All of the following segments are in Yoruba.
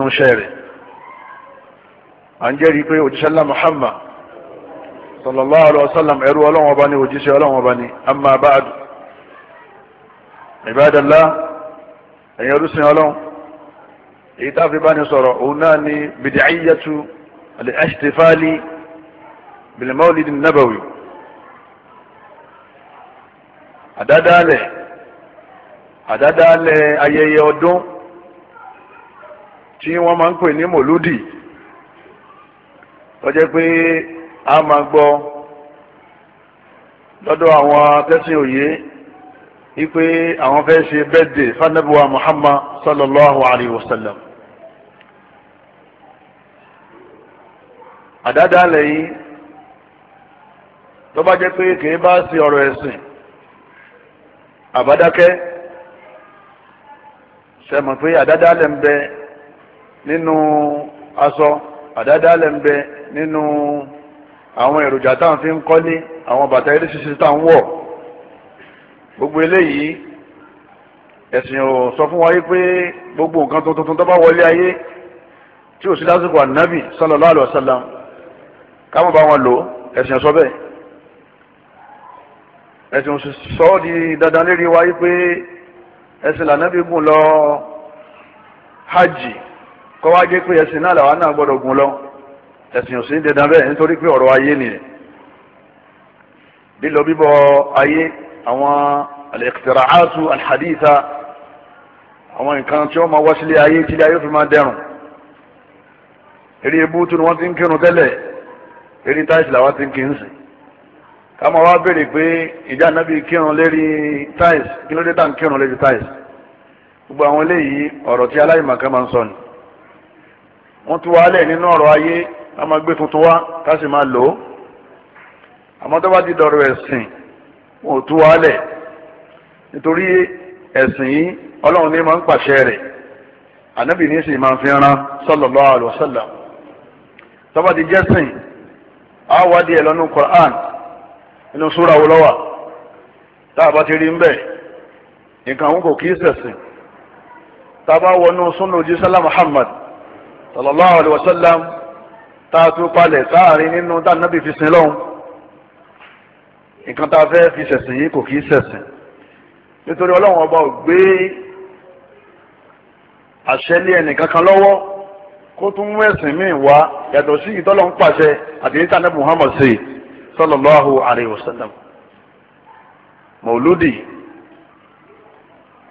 ránṣẹ́ rẹ̀ à ń jẹ́rìí pé òjíṣẹ́ ńlá Muhammad sallallahu alayhi wa sallam ẹrú ọlọ́wọ́n ọba ni òjíṣẹ́ ọlọ́wọ́n ọba ni amma ba'd ibadallah ẹ̀yin ọdúnṣin ọlọ́wọ́n èyí tá a fi bá ní sọ̀rọ̀ òun náà ni bìdìcíyàtú al-ihtifali bil-mawlid an-nabawi àdádálẹ̀ àdádálẹ̀ ayẹyẹ ọdún tí wọ́n máa ń pè ní mòlúdì tó jẹ́ pé a máa gbọ́ lọ́dọ̀ àwọn tẹ́sán òye wípé àwọn fẹ́ ṣe bẹ́ẹ̀dẹ̀ fanabuwa Muhammad sallallahu alayhi wa sallam. àdáda lẹ́yìn tó bá jẹ́ pé kìí bá sí ọ̀rọ̀ ẹ̀sìn àbádákẹ́ sẹ́mọ̀ pé àdáda lẹ́ ń bẹ́ẹ̀ nínú aṣọ àdádálẹ̀ ń bẹ nínú àwọn èròjà tá à ń fi ń kọ́lé àwọn bàtà eré ṣíṣe tá à ń wọ̀ gbogbo eléyìí ẹ̀sìn ò sọ fún wa yí pé gbogbo nǹkan tuntun tó bá wọlé ayé tí ò sí lásìkò ànábì sallallahu alaihi wasallam káwọn bá wọn lò ẹ̀sìn ò sọ bẹ́ẹ̀ ẹ̀sìn ò di dandan lérí wa yí pé ẹ̀sìn lànàbì gùn lọ hajj kọ́ wá jẹ́ pé ẹ̀sìn náà làwọn náà gbọ́dọ̀ gùn lọ ẹ̀sìn ò sí ní dandan bẹ́ẹ̀ nítorí pé ọ̀rọ̀ ayé nìyẹn lílọ bíbọ ayé àwọn al-iqtira'atu al-haditha àwọn nǹkan tí wọ́n máa wá sílé ayé tílé ayé fi máa dẹrùn eré ebú tó ni wọ́n ti ń kírun tẹ́lẹ̀ eré táìsì làwọn ti ń kí ń sìn ká máa wá béèrè pé ìjà nábì kírun lérí táìsì kí ló dé tá à ń kírun lérí táìsì gbogbo àwọn eléyìí ọ̀rọ̀ tí aláìmọ̀kan máa ń sọ ni wọ́n tú wa lẹ̀ nínú ọ̀rọ̀ ayé a máa gbé tuntun wá ká sì máa lò ó àmọ́ tó bá ti dọ̀rọ̀ ẹ̀sìn wọn ò tú wa lẹ̀ nítorí ẹ̀sìn yìí ọlọ́run ní máa ń pàṣẹ rẹ̀ ànábì ní sì máa fi ran sallallahu alaihi wasallam tó bá ti jẹ́sìn á wádìí ẹ̀ lọ́nu Qur'an nínú súra wo lọ́wà tá a bá ti rí ń bẹ̀ nǹkan àwọn kò kí í ṣẹ̀sìn tá a bá wọnú sunna ojúṣàlá Muhammad sallallahu alaihi wasallam tá a tún palẹ̀ sáàrin nínú dánábì fi sin lọ́hùn nǹkan tá a fẹ́ fi ṣẹ̀sìn yìí kò kì í ṣẹ̀sìn nítorí ọlọ́run ọba ò gbé àṣẹ lé ẹnì kankan lọ́wọ́ kó tún mú ẹ̀sìn míì wá yàtọ̀ sí ìtọ́lọ́ ń pàṣẹ àdéhùn tànà Muhammad sí sallallahu alaihi wasallam mọ̀lúdì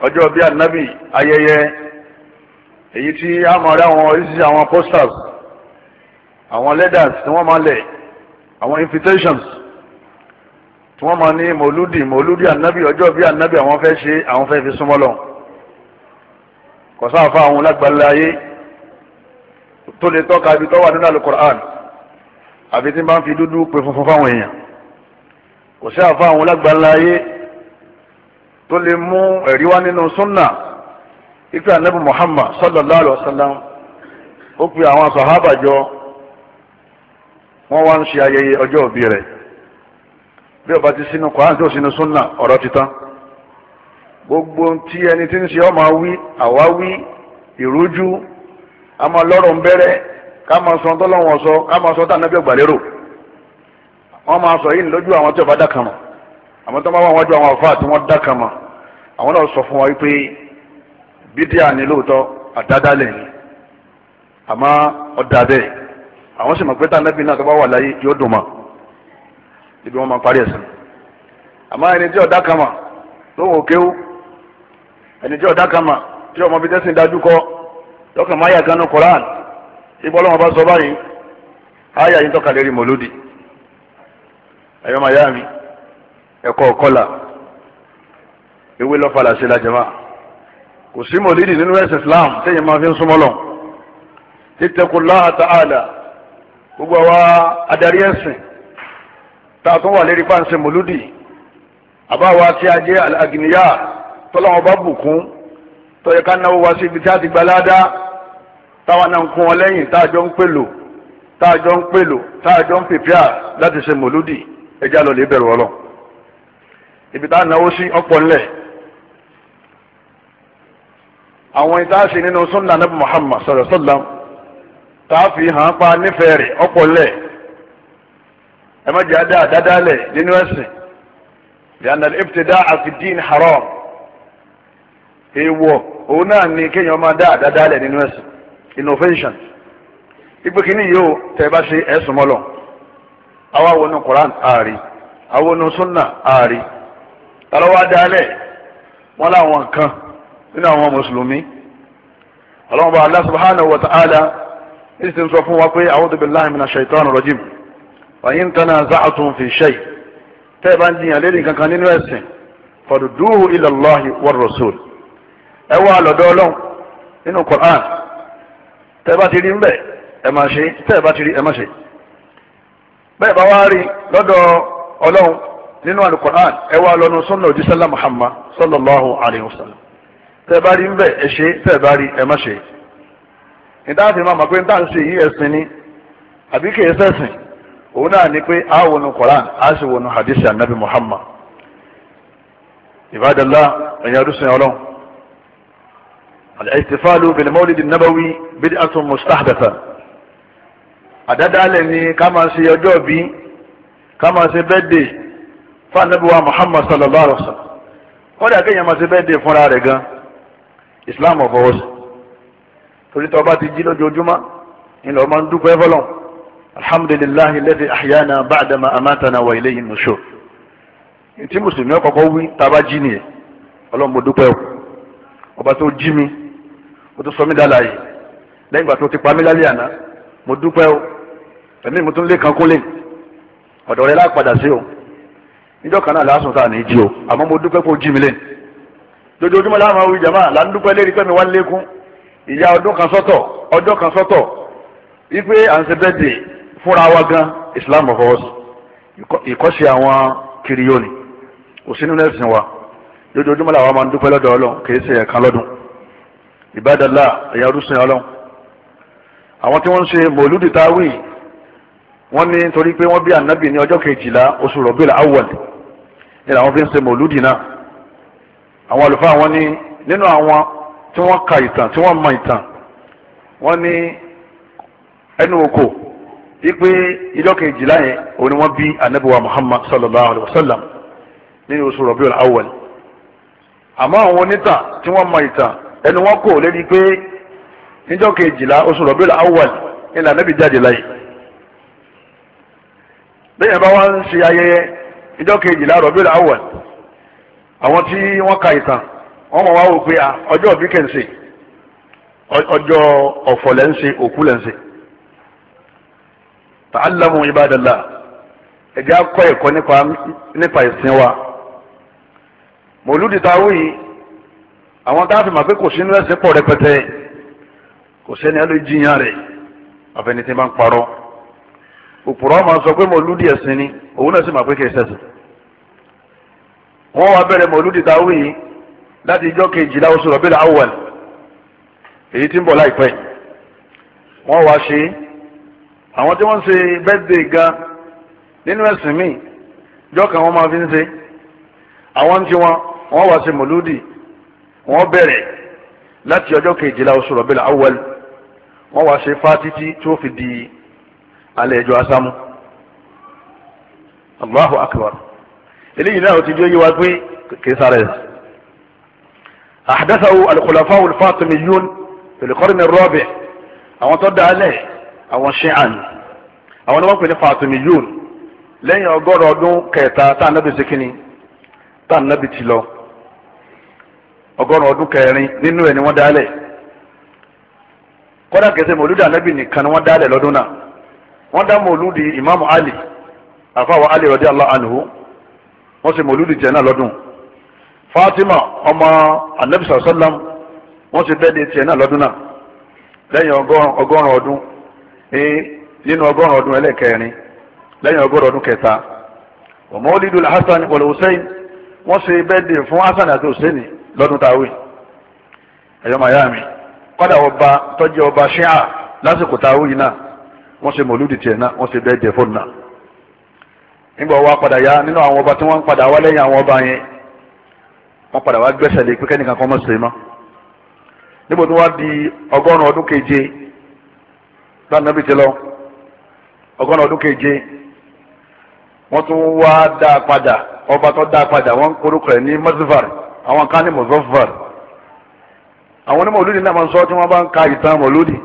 ọjọ́ bíi ànábì ayẹyẹ èyí tí a máa rí àwọn oríṣiríṣi àwọn posters àwọn letters tí wọ́n máa lẹ̀ àwọn invitations tí wọ́n máa ní mòlúdì mòlúdì ànábì ọjọ́ bí ànábì àwọn fẹ́ ṣe àwọn fẹ́ fi súnmọ́ lọ kò sáfà àwọn lágbàlá ayé tó lè tọ́ka ibi tó wà nínú alukur'an àbí tí n bá ń fi dúdú pè funfun fáwọn èèyàn kò sí àwọn lágbàlá ayé tó lè mú ẹ̀rí wá nínú súnnà. ife anabi muhammad sallallahu alaihi wa sallam ó pe àwọn sahaba jọ wọ́n wá ń ṣe ayẹyẹ ọjọ́ òbí rẹ̀ bí ọba ti sínú kwan tó sínú súnà ọ̀rọ̀ gbogbo tí ẹni tí ń ṣe ọmọ wí àwa ìrújú a máa lọ́rọ̀ ń bẹ̀rẹ̀ ká máa sọ tọ́lọ́wọ́n sọ ká máa sọ tànàbí ọ̀gbàlérò wọ́n máa sọ yìí lójú àwọn tí ọba dákàmọ̀ àwọn tó máa ju àwọn àfáà tí wọ́n dákàmọ̀ àwọn náà sọ fún wa wípé bídíà ni lóòótọ́ àdádálẹ̀ ni àmọ́ ọ̀dà bẹ́ẹ̀ àwọn sì mọ̀ pé tànàbí náà tó bá wà láyé yóò dùn mọ́ ibi wọn máa parí ẹ̀sìn àmọ́ ẹni tí ọ̀dà kan mà lóhùn òkéwú ẹni tí ọ̀dà kan mà tí ọmọ bíi tẹ́sìn dájú kọ lọ́kàn máa yà ganu koran ibọ́ lọ́wọ́ bá sọ báyìí áyà yìí tọ́ka lérí mọ́lódì ẹ̀yọ́ màyá mi ẹ̀kọ́ ọ̀kọ́là ewé lọ́fà làṣẹ lájẹmáà kò sí mọ̀lídì nínú ẹ̀sìn Islam tẹ́yìn máa fi ń súnmọ́ lọ ittaqullaha ta'ala gbogbo àwa adarí ẹ̀sìn tá a tún wà lérí pàǹsẹ̀ mọ̀lúdì àbáwa tí a jẹ́ àgìníyà tọ́láwọn bá bùkún tọ́yẹ ká náwó wá sí ibi tí a ti gba ládá táwa náà ń kún ọ lẹ́yìn tá a jọ ń pèlò tá a jọ ń pèlò tá a jọ ń pèpìà láti ṣe mọ̀lúdì ẹjẹ́ àlọ́ lè bẹ̀rù ọlọ́ ibi tá a náwó sí ọ̀pọ̀ ńlẹ̀ àwọn ìtaṣe nínú sunna nabi muhammad sallallahu alaihi wasallam ha fi hàn pa nífẹ̀ẹ́ rẹ̀ ọ̀pọ̀lẹ̀ ẹ má jẹ́ adá àdádálẹ̀ nínú ẹ̀sìn yàrá ìbùtẹ̀dá àfìdín haram èèwọ̀ òun náà ni kéèyàn máa dá àdádálẹ̀ nínú ẹ̀sìn innovation ìgbé kìíní yìí ó tẹ̀ bá ṣe ẹ̀sùn mọ́lọ̀ sunna ààrí wọn nínú àwọn mùsùlùmí ọlọ́run bá Allah subhanahu wa ta'ala ní ti sọ fún wa pé a'udhu billahi minash shaitanir rajim wa in tanaza'tum fi shay' tẹ́ ẹ bá ń jiyàn lérí kankan nínú ẹ̀sìn fadudduhu ila Allahi war rasul ẹ wá lọ́dọ̀ ọlọ́run nínú Qur'an tẹ́ bá ti rí mbẹ́ ẹ máa ṣe tẹ́ bá ti rí ẹ máa ṣe bẹ́ẹ̀ bá wá rí lọ́dọ̀ ọlọ́run nínú Qur'an ẹ wá lọ́nu sunna òjísàlá Muhammad sallallahu alayhi wa tẹ bá rí nbẹ ẹ ṣe tẹ bá rí ẹ má ṣe níta fi máa mọ pé níta ń ṣe yí ẹsìn ni àbí kì í ṣẹ̀sìn òun náà ni pé a wọnú Quran a sì wọnú hadith anabi Muhammad ibadallah ẹ̀yin adúsùn ọlọ́run al-ihtifalu bil mawlid an-nabawi bid'atun mustahdatha àdádálẹ̀ ni ká máa ṣe ọjọ́ bí ká máa ṣe bẹ́ẹ̀dẹ̀ fún anabi Muhammad sallallahu alaihi wa sallam kọ́dà kéèyàn máa ṣe bẹ́ẹ̀dẹ̀ fúnra rẹ̀ gan-an islam ọ̀fọwọ́ sí torí tó bá ti jí lójoojúmọ́ ńlọ máa ń dúpẹ́ fọlọ́n alhamdulilah alladhi ahyana ba'dama amatana wa ilayhi nushur tí mùsùlùmí ọkọ̀ọ̀kọ̀ wí tá a bá jí nìyẹn ọlọ́run mo dúpẹ́ o ọba tó jí mi o tó sọ mí dáadáa yìí lẹ́yìn ìgbà tó ti pa mí lálẹ́ àná mo dúpẹ́ o ẹ̀mí mo tún lé kan kólé ọ̀dọ̀ rẹ lápadà sí o níjọ́ kan náà lásùn tá à ní jí o àmọ́ mo dúpẹ́ kó jí mi lẹ́nu lójoojúmọ́ láwọn àwọn ìjàmbá là ń dúpẹ́ lérí pẹ́mi wá lékún ìyá ọdún kan sọ́tọ̀ ọjọ́ kan sọ́tọ̀ wípé à ń ṣe fúnra wa gan islam fọwọ́ sí ìkọ́sí àwọn kiriyóni òsínú lẹ́sìn wa lójoojúmọ́ làwọn máa ń dúpẹ́ lọ́dọ̀ ọlọ́run kì í ṣe ẹ̀kan lọ́dún ìbádàlá ẹ̀yà rúṣin ọlọ́run àwọn tí wọ́n ń ṣe mòlúdì táwì wọ́n ní nítorí pé wọ́n bí ànábì ní ọjọ́ kejìlá oṣù rọ̀bìlà awwal ni làwọn fi ń ṣe mòlúdì náà àwọn àlùfáà wọn ní nínú àwọn tí wọn ka ìtàn tí wọn mọ ìtàn ẹnu oko ipe ìjọ kejìlá yẹn òun ni bí anabiwa muhammad sallallahu alayhi wa sallam nínú oṣù rọ̀bíọ̀lù awwal àmọ́ àwọn onítàn tí wọ́n mọ ìtàn ẹnu wọn kò lérí pé níjọ́ kejìlá oṣù rọ̀bíọ̀lù awọn, ilà anabi jáde láyé àwọn tí wọ́n ka ìtàn wọ́n mọ̀ wá wò pé ọjọ́ òbí kẹ̀ ń ṣe ọjọ́ òkú lẹ́ ń ṣe ta'allamu ibadallah akọ ẹ̀kọ́ nípa ìsìn wa mòlúdi táwọn yìí àwọn tá a fi mà pé kò sí inú ẹ̀sìn pọ̀ rẹpẹtẹ kò sẹ́ni alẹ́ jiyàn rẹ̀ àfẹnitẹ́ bá ń parọ́ òpùrọ́ máa sọ pé mòlúdi ẹ̀sìn ni òun náà sì mà pé kì í ṣẹ̀sìn wọ́n wá bẹ̀rẹ̀ mọ̀lúdì táwí yìí láti ijọ́ kejìlá oṣù rọ̀bìlà awwal èyí tí ń bọ̀ láìpẹ́ wọ́n wá ṣe àwọn tí wọ́n ń ṣe birthday gan nínú ẹ̀sìn míì ijọ́ kan wọ́n máa fi ń ṣe àwọn tí wọ́n wọ́n wá ṣe mọ̀lúdì wọ́n bẹ̀rẹ̀ láti ọjọ́ kejìlá oṣù rọ̀bìlà awwal wọ́n wá ṣe fátítí tó fi di alẹ́ ẹjọ́ asámú Allahu akbar eléyìí náà ó ti jẹ́ yíwa pé kì í sáré ahdathahu al-khulafa al-fatimiyun fil qarni ar-rabi' àwọn tó dálẹ̀ àwọn ṣíàn àwọn ni wọ́n pè ní fatimiyun lẹ́yìn ọgọ́rùn ọdún kẹta tá a nábì sikini tá a nábì ti lọ ọgọ́rùn ọdún kẹrin nínú ẹ̀ ni wọ́n dálẹ̀ kọ́dà kẹsẹ̀ mọ̀lúdì ànábì nìkan ni wọ́n dálẹ̀ lọ́dún náà wọ́n dá mọ̀lúdì ìmáàmù ali àfàwọ̀ ali radiyallahu anhu wọ́n ṣe mọ̀lúdì tiẹ̀ náà lọ́dún Fatima ọmọ anabi sàlám wọ́n ṣe bẹ́ẹ̀ de tiẹ̀ náà lọ́dún náà lẹ́yìn ọgọ́rùn ọdún nínú ọgọ́rùn ọdún ẹlẹ́kẹrin lẹ́yìn ọgọ́rùn ọdún kẹta ọmọ olídùú hasan wọlé hussein wọ́n ṣe bẹ́ẹ̀ de fún hasan àti hussein lọ́dún táwé ẹ̀yọ́ miami kọ́dà ọba tọ́jú ọba ṣíà lásìkò táwé yìí náà wọ́n ṣe mọ̀lúdì tiẹ̀ náà wọ́n ṣe bẹ́ẹ̀ de fóònù náà nígbà wọ́n wá padà yá nínú àwọn ọba tí wọ́n ń padà wá lẹ́yìn àwọn ọba yẹn wọ́n padà wá gbẹ́sẹ̀ lé pé kẹ́nìkan kan mọ̀ sí mọ́ níbo tí wọ́n di ọgọ́rùn ọdún keje lánàá bìtẹ́ lọ ọgọ́rùn ọdún keje wọ́n tún wá dá a padà ọba tó dá a padà wọ́n ń korúkọ ẹ̀ ní mọ́sífàr àwọn kan ní mọ́sífàr àwọn onímọ̀ olódì náà máa ń sọ tí wọ́n bá ń ka ìtàn mọ̀ olódì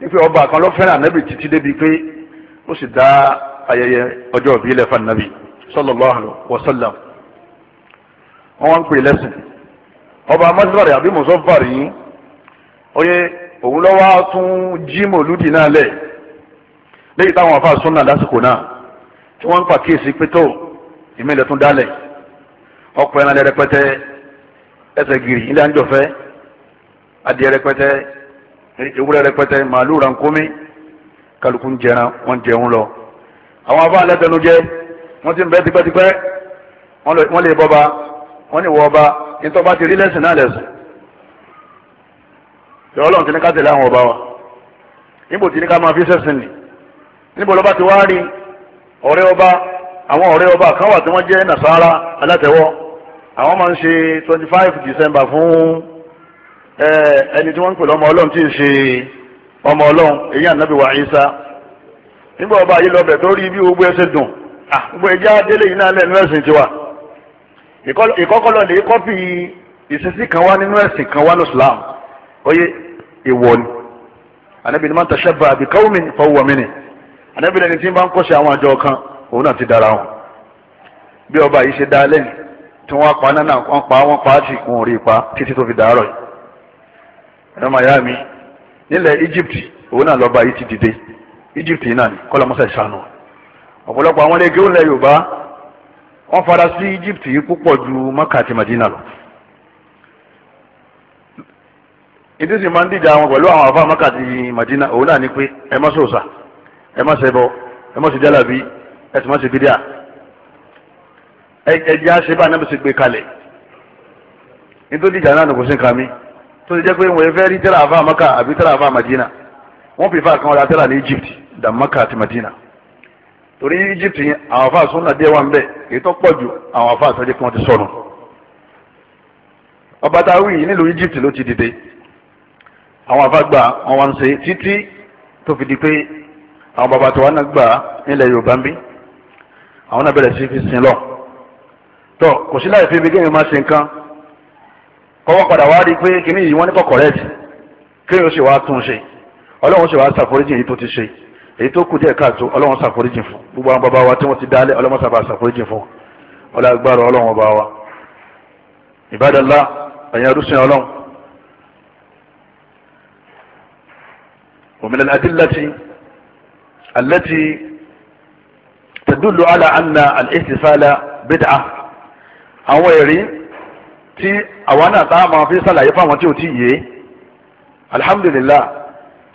nípa ọba kan ló fẹ́ràn ànábì títí débi pé ó sì dá ayẹyẹ ọjọ́ òbí ilẹ̀ fanabi sallallahu alaihi wasallam wọ́n wá ń pè lẹ́sìn ọba masibari àbí mùsọ̀fàrì yìí oye òun lọ́wọ́ tún jí mòlúdì náà lẹ̀ lẹ́yìn táwọn afa sunna lásìkò náà tí wọ́n ń pa kéèsì pétó ìmílẹ̀ tún dálẹ̀ ọkọ̀ ẹran lẹ́rẹpẹtẹ ẹsẹ̀ gírì ilé àńjọ̀fẹ́ adìẹ rẹpẹtẹ ewúrẹ́ rẹpẹtẹ màálù rankomi kálukú ń jẹran wọ́n jẹun lọ àwọn afá alẹ́tẹnujẹ wọ́n ti ń bẹ́ tipẹ́tipẹ́ lè bọ́ba wọ́n ní wọ́ ọba nítorí ti rí lẹ́sìn náà lẹ́sìn ìrọ̀ ọlọ́run ti ní ká tẹ̀lé àwọn ọba wa níbo ti ní ká máa fi sẹ́sìn nì níbo lọ́ba ti wá rí ọ̀rẹ́ ọba àwọn ọ̀rẹ́ ọba kan wà tí wọ́n jẹ́ nàṣàrà alátẹ̀wọ́ àwọn máa ń ṣe twenty five december fún eh, ẹni tí wọ́n ń pè lọ́mọ ọlọ́run tí ń ṣe ọmọ ọlọ́run èyí ànábì wa Ìsá nígbà ọba yìí lọ́bẹ̀ tó rí bí gbogbo ẹsẹ̀ dùn gbogbo ẹjẹ́ adélé yìí náà lẹ́nu ẹ̀sìn tiwa ìkọ́kọ́lọ́ lè kọ́pì ìṣesí kan wá nínú ẹ̀sìn kan wá ní Islam oyè ìwọ ni anabi ni man tashabbaha bi qawmin fahuwa minhum anabi lẹni tí n bá ń kọ́ṣe àwọn àjọ kan òun náà ti dára wọn bí ọba yìí ṣe dá lẹ́yìn tí wọ́n pa náà wọ́n pa wọ́n pa á sì kún orí ipa títí tó fi dàárọ̀ yìí ẹ̀rọ màyà mi nílẹ̀ Egypt òun náà lọ́ba yìí ti dìde Egypt náà ni kọ́lá mọ́sá ìsànù ọ̀pọ̀lọpọ̀ àwọn ilé-ẹgbẹ́ òǹlẹ̀ Yorùbá wọ́n fara sí Egypt yìí ju Maka àti Madina lọ. ìdí sì máa ń díjà wọn pẹ̀lú àwọn àfa Maka àti Madina òun náà ni pé ẹ má sòòsà ẹ má ṣẹbọ ẹ má sì jálàbí ẹ sì má sì bídíà ẹ jẹ́ àṣebá náà bí sì gbé kalẹ̀ nítorí ìjà náà nìkú sí nǹkan mi tó ti jẹ́ pé wọ́n fẹ́ rí tẹ́lá àfa Maka àbí tẹ́lá àfa Madina wọ́n fi fa àkànwọ́ra tẹ́lá ní Egypt da Maka àti Madina torí Egypt yẹn àwọn afa sunna díẹ̀ wà ń bẹ èyí tó pọ̀ jù àwọn afa àtàjẹ́ kí wọ́n ti sọnù ọba tá a wí yìí nílùú Egypt ló ti dìde àwọn afa gbà wọn wá ń ṣe títí tó fi di pé àwọn bàbá tó wà náà gbà nílẹ̀ Yorùbá ń bí àwọn náà bẹ̀rẹ̀ sí fi sin lọ tọ kò sí láì fi ibi kéèyàn máa ṣe nǹkan kọ́wọ́ padà wá rí i pé kíní yìí wọ́n ní kọ́ correct ó sì wá tún un ṣe ọlọ́run ó sì wá ṣàforíjì yìí tó ti ṣe èyí tó kù díẹ̀ káàtó ọlọ́wọ́n ṣàforíjì fún gbogbo àwọn bàbá wa tí wọ́n ti dálé ọlọ́wọ́n ṣàbà ṣàforíjì fún ọlọ́gbàrọ̀ ọlọ́wọ́n bá wa ìbádọ́lá ẹ̀yìn arúsìn ọlọ́wọ́n. ومن الأدلة التي تدل على أن الاحتفال بدعة àwọn ẹ̀rí tí àwa náà tá a máa fi ṣàlàyé fáwọn tí ò tí ì yé alhamdulillah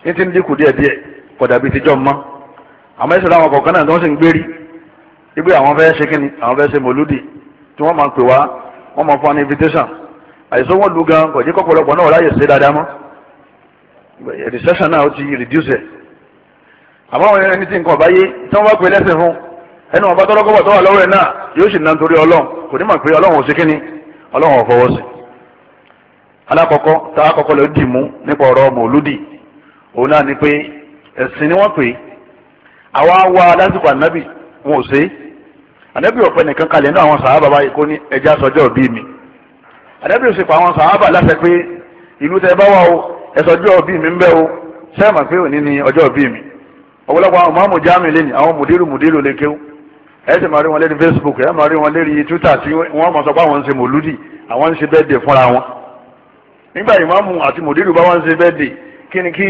ní ti ń dínkù díẹ̀díẹ̀ kọ̀dà bíi tíjọ́ mọ́ àmọ́ ẹ̀sìn láwọn kọ̀ọ̀kan náà tí wọ́n sì ń gbérí ibi àwọn fẹ́ ṣe kíni àwọn fẹ́ ṣe mòlúdì tí wọ́n máa ń pè wá wọ́n máa fún wa ní invitation àìsàn wọn lu gan kò jẹ́ kọ́pọ̀lọpọ̀ náà ráyè ṣe dáadáa mọ́ recession náà ó ti reduce ẹ̀ àmọ́ àwọn ẹni tí nǹkan ọ̀bá yé tí wọ́n bá pè lẹ́sìn fún ẹni wọn bá tọ́lọ́ kọ́bọ̀ tó wà lọ́wọ́ ẹ̀ náà yóò sì ná nítorí ọlọ́run kò ní mọ̀ pé ọlọ́run ò ṣe tá a kọ́kọ́ lọ dì mú nípa ọ̀rọ̀ mòlúdì òun náà ni pé ẹ̀sìn ni wọ́n pè é àwa wa lásìkò ànábì wọn ò ṣe é ànábì ọ̀pẹ nìkan kalẹ̀ ní àwọn sàábà báyìí kó ní ẹja sọjọ́ òbí mi ànábì ò sì pa àwọn sàábà láṣẹ pé ìlú tẹ bá wà o ẹsọjọ́ òbí mi ń bẹ o sẹ́ẹ̀mà pé òní ni ọjọ́ òbí mi ọ̀pọ̀lọpọ̀ àwọn mọ́mù jáàmù lẹ́nu àwọn mùdírù mùdírù lè kéwù ẹ sì máa rí wọn lórí Facebook ẹ máa rí wọn lórí Twitter tí wọ́n mọ̀ sọ pé àwọn ń ṣe mòlúdì àwọn ń ṣe bẹ́ẹ̀ dè fúnra wọn nígbà ìmáàmù àti mùdírù bá wọn ń ṣe bẹ́ẹ̀ kí ni kí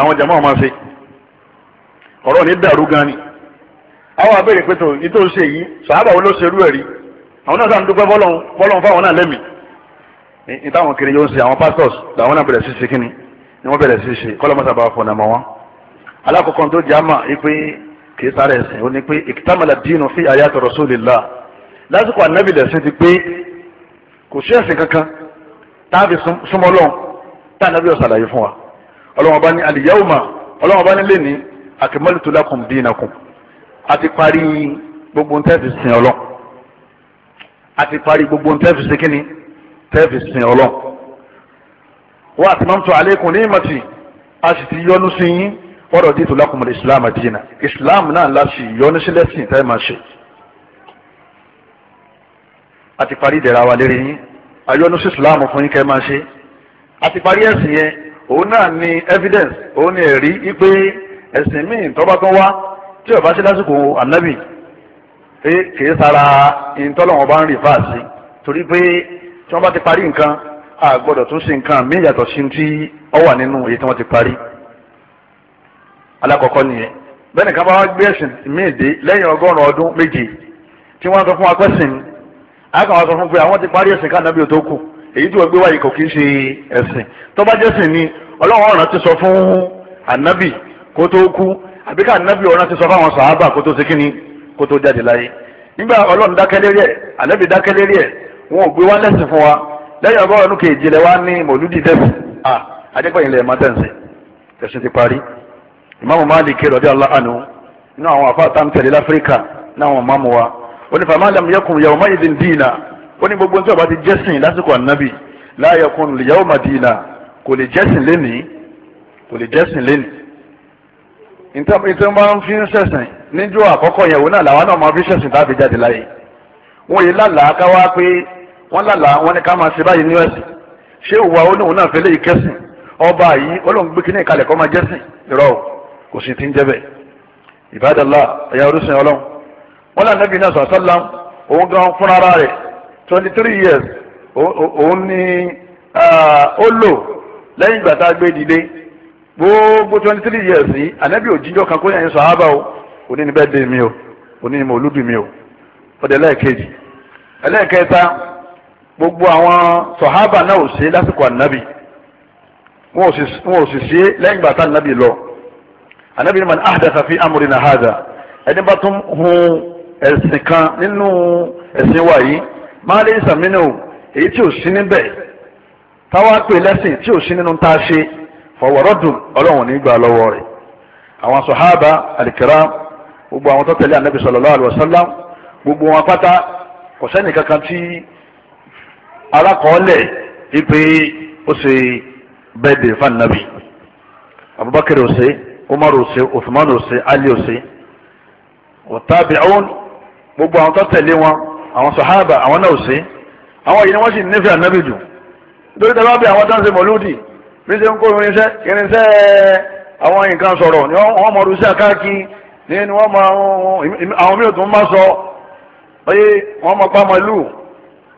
àwọn jàmáà máa ṣe ọ̀rọ̀ ní dàrú gan ni àwọn abẹ́rẹ́ pé tó ní tó ṣe yìí sàábà wo ló ṣerú ẹ̀ rí àwọn náà sáà ń dúpẹ́ bọ́lọ́hún bọ́lọ́hún fáwọn náà lẹ́mìí ní táwọn kiri yóò ń ṣe àwọn pastors làwọn náà bẹ̀rẹ̀ sí ṣe kíni ni wọ́n bẹ̀rẹ̀ sí ṣe kọ́lọ́mọ́sá bá fọ̀nà mọ́ wọn. alákọ̀ọ́kọ́ tó jẹ́ àmà pé kìí sáré ẹ̀sìn ó ní pé ìkítàmọ̀lá dínú fi àyàtò rasulillah lásìkò ànábì lẹ̀sìn ti pé kò sí ẹ̀sìn kankan táàbì súnmọ́ lọ́hùn táà nábì ọ̀sàlàyé fún wa ọlọ́wọ́n bá akmaltu lakum dinakum àti parí gbogbo ń tẹ́fì sin ọlọ́ àti parí gbogbo ń tẹ́fì sin kíni tẹ́fì sin ọlọ́ wa atmamtu alaykum ni'mati a sì ti yọ́nú sí yín wọ́rọ̀ dìtò lakum islam dina islam náà la sì yọ́nú sí lẹ́sìn tẹ́ máa ṣe àti parí ìdẹ̀ra wa lérí yín ayọ́nú sí islam fún yín kẹ́ máa ṣe àti parí ẹ̀sìn yẹn òun náà ni evidence òun ni ẹ̀rí wípé ẹ̀sìn míì tọ́ba tó wá tí ó bá sí lásìkò ànábì pé kìí sara ìtọ́lọ́wọ́n bá ń rìn fáàsì torí pé tí wọ́n bá ti parí nǹkan a gbọ́dọ̀ tún ṣe nǹkan míì yàtọ̀ sí ti ọ wà nínú èyí tí wọ́n ti parí alákọ̀ọ́kọ́ nìyẹn bẹ́ẹ̀ nìkan bá wá gbé ẹ̀sìn míì dé lẹ́yìn ọgọ́rùn-ún ọdún méje tí wọ́n sọ fún wa pẹ́sìn àkàn wa sọ fún pé àwọn ti parí ẹ̀sìn káànábì tó kù èyí tí wọ́n gbé wáyé kò kí ń ṣe ẹ̀sìn tó bá jẹ́sìn ni ọlọ́run ọ̀ràn ti sọ fún ànábì kó tó kú àbí ká nábì ọ̀ràn ti sọ fáwọn sàhábà kó tó ṣe kíni kó tó jáde láyé nígbà ọlọ́run dákẹ́ lérí ẹ̀ ànábì dákẹ́ lérí ẹ̀ wọn ò gbé wá lẹ́sìn fún wa lẹ́yìn ọgọ́rùn ún kejì lẹ wá ní mòlúdì tẹ́sí à adékọ̀yìn lẹ́ẹ̀má tẹ̀sí tẹ̀sí ti parí ìmáàmù Málíkì radiyallahu anhu inú àwọn afáàtà ń tẹ̀lé láfíríkà náà máàmù wa ó ní fàmà lam yakun yawma idhin dínà ó ní gbogbo nítorí ọba ti jẹ́sìn lásìkò ànábì la yakun liyawma dínà kò lè jẹ́sìn lénìí kò lè jẹ́sìn lénìí nítorí bá ń fi ń ṣẹ̀sìn níjọ́ àkọ́kọ́ yẹn òun náà làwọn náà máa fi ṣẹ̀sìn tá a fi jáde láyé wọn yìí lálàá ká wá pé wọn lálàá wọn ni ká máa ṣe báyìí ní ẹ̀sìn ṣé òwà olóhùn náà fẹ́lẹ́ yìí kẹ́sìn ọba yìí olóhùn gbé kínní ìkalẹ̀ kọ́ máa jẹ́sìn irọ́ kò sì ti ń jẹ́ bẹ́ẹ̀ ìbádàlá ẹ̀yà orísun ọlọ́run wọn là twenty three years òun ni ah, ó lò lẹ́yìn ìgbà tá a gbé dìde gbogbo twenty three years yìí ànábì òjijọ́ kan kó yẹn sọ ábà o òní ni bẹ́ẹ̀ dé mi o òní ni mo lùdù mi o ọdẹ ẹlẹ́ẹ̀kejì ẹlẹ́ẹ̀kẹta gbogbo àwọn sọ̀hábà náà ò ṣe lásìkò ànábì wọn ò sì ṣe lẹ́yìn ìgbà tá ànábì lọ ànábì ni man ahdatha fi amrina hadha ẹni bá tún hun ẹ̀sìn kan nínú ẹ̀sìn wa yìí máa lè sàmínú èyí tí ò sí níbẹ̀ táwa pè lẹ́sìn tí ò sí nínú tá a ṣe fọwọ́rọ́dùn ọlọ́run nígbà lọ́wọ́ rẹ̀ àwọn sọ̀hábà alikiram gbogbo àwọn tó tẹ̀lé anabi sallallahu alaihi wasallam gbogbo wọn pátá kò sẹ́ni kankan tí alákọ̀ọ́lẹ̀ ipe ó ṣe bẹ́ẹ̀ dè fún anabi abubakar ó ṣe umar ó ṣe uthman ó ṣe ali ó ṣe wọ́tàbíọ́n gbogbo àwọn tó tẹ̀lé wọn àwọn sọ̀hábà àwọn náà ó ṣe àwọn yìí ni wọ́n sì nífẹ̀ẹ́ anabi jù lórí tẹ́lá àwọn tó ń ṣe mọ́lúdì bí ṣe ń kó irinṣẹ́ irinṣẹ́ àwọn nǹkan sọ̀rọ̀ ni wọ́n mọ̀ rúṣẹ́ káàkiri ni wọ́n mọ̀ àwọn mí ò tún má sọ oye wọ́n mọ̀ pa màálù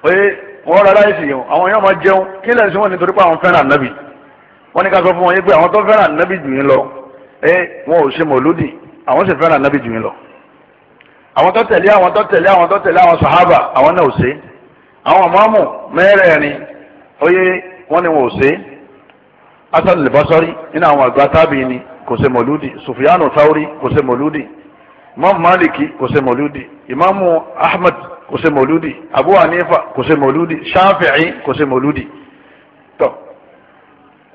oye wọ́n rà láìsí yẹn àwọn yẹn mọ̀ jẹun kí lẹ́yìn sí wọn nítorí pé àwọn fẹ́ràn ànábì wọ́n ní ká sọ fún wọn yé pé àwọn tó fẹ́ràn ànábì jù yín lọ ẹ wọn ò ṣe mọ̀lódì àwọn sì fẹ́ràn ànábì jù yín lọ àwọn tó tẹ̀lé àwọn tó tẹ̀lé àwọn tó tẹ̀lé àwọn sàhábà àwọn náà ò ṣe àwọn mọ́mù mẹ́rẹ̀ẹ̀rin oye wọ́n ní wọn ò ṣe hasan albasari ina àwọn àgbà tábì ni kò ṣe mọ̀lúdì sufiyanu tauri kò ṣe mọ̀lúdì imam maliki kò ṣe mọ̀lúdì imamu ahmed kò ṣe mọ̀lúdì abu hanifa kò ṣe mọ̀lúdì shafi'i kò ṣe mọ̀lúdì tó